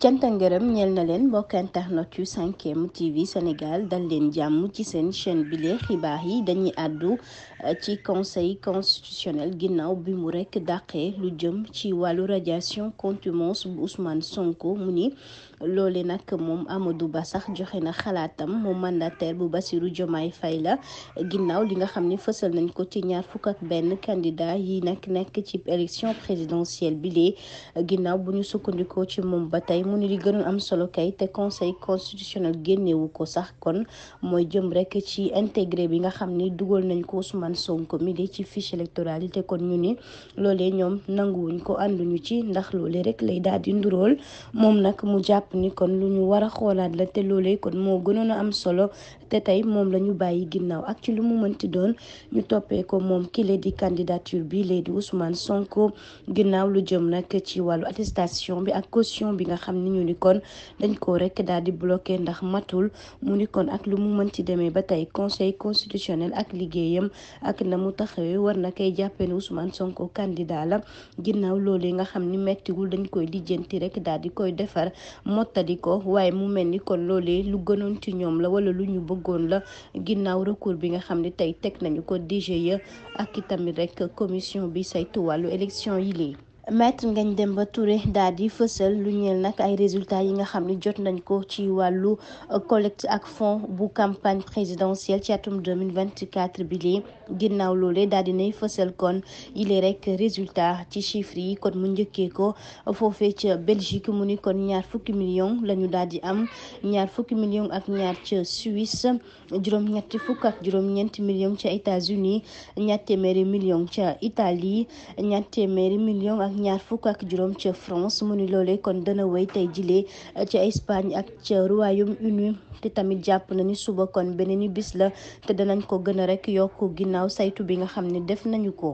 cant ak ngërëm ñeel na leen mbokk internet yu 5M TV Sénégal dal leen jàmm ci seen chaine bile xibaar yi dañuy àddu euh, ci conseil constitutionnel ginnaaw bi mu rekk dàqee lu jëm ci wàllu radiation contumace bu Ousmane Sonko mu ni loole nag moom Amadou Ba sax joxe na xalaatam moom mandataire bu Bassirou Diomaye Faye la ginnaaw li nga xam ne fësal nañ ko ci ñaar fukk ak benn candidat yi nag nekk ci élection présidentielle bile ginnaaw bu ñu sukkandikoo ci moom ba tey mu ni di gën a am solo kay te conseil constitutionnel génnewu ko sax kon mooy jëm rekk ci intégré bi nga xam ni dugal nañ ko Ousmane Sonko mi di ci fiche électorale yi te kon ñu ni loole ñoom nanguwuñ ko ànduñu ci ndax loole rek lay daal di ndurool moom nag mu jàpp ni kon lu ñu war a xoolaat la te loole kon moo gënoon a am solo te tey moom lañu bàyyi ginnaaw ak ci lu mu mënti doon ñu toppee ko moom kile di candidature bi léegi Ousmane Sonko ginnaaw lu ni ñu ni kon dañ ko rekk daal di bloqué ndax matul mu ni kon ak lu mu mën ci demee ba tey conseil constitutionnel ak liggéeyam ak na mu taxawee war na koy jàppee ne Ousmane Sonko candidat la ginnaaw loolee nga xam ni mettiwul dañ koy lijjanti rek daal di koy defar mottali ko waaye mu mel ni kon loolee lu gënoon ci ñoom la wala lu ñu bëggoon la ginnaaw recours bi nga xam ni tey teg nañu ko DGE ak itamit rek commission bi saytu wàllu élection yi lii maître Ngagne Demba Touré daal di fësal lu ñeel nag ay résultats yi nga xam ni jot nañ ko ci wàllu euh, collecte ak fonds bu campagne présidentielle ci atum 2024 bi lee ginnaaw loolee daal di nay fësal kon yile rek résultat ci chiffres yi kon mu njëkkee ko foofee ca mu ni ñaar fukki millions la ñu daal di am ñaar fukki million ak ñaar ca Suisse juróom-ñetti fukk ak juróom-ñeenti millions ca États-Unis ñaar téeméeri millions ca Italie ñaar téeméeri millions ak ñaar fukk ak juróom ca France mu ni loolee kon dana wéy tey jilee eh, ca Espagne ak ca Royaume-Uni te tamit jàpp na ni suba kon beneen bis la te danañ ko gën a rek yokk ginnaaw saytu bi nga xam ne def nañu ko.